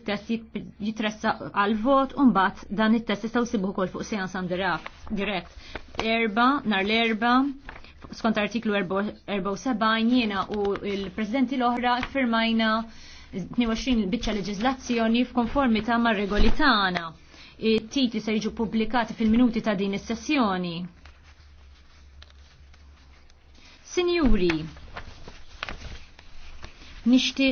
test jitressa għal vot un bat dan it-test jistaw sibuħu kol fuq sejan sejans direkt. Erba, nar l-erba, skont artiklu 74 jiena u il-presidenti l-oħra firmajna 22 bicċa leġizlazzjoni f'konformità ma' regoli tagħna. It-titli se jiġu pubblikati fil-minuti ta' din is-sessjoni. Sinjuri, nixtieq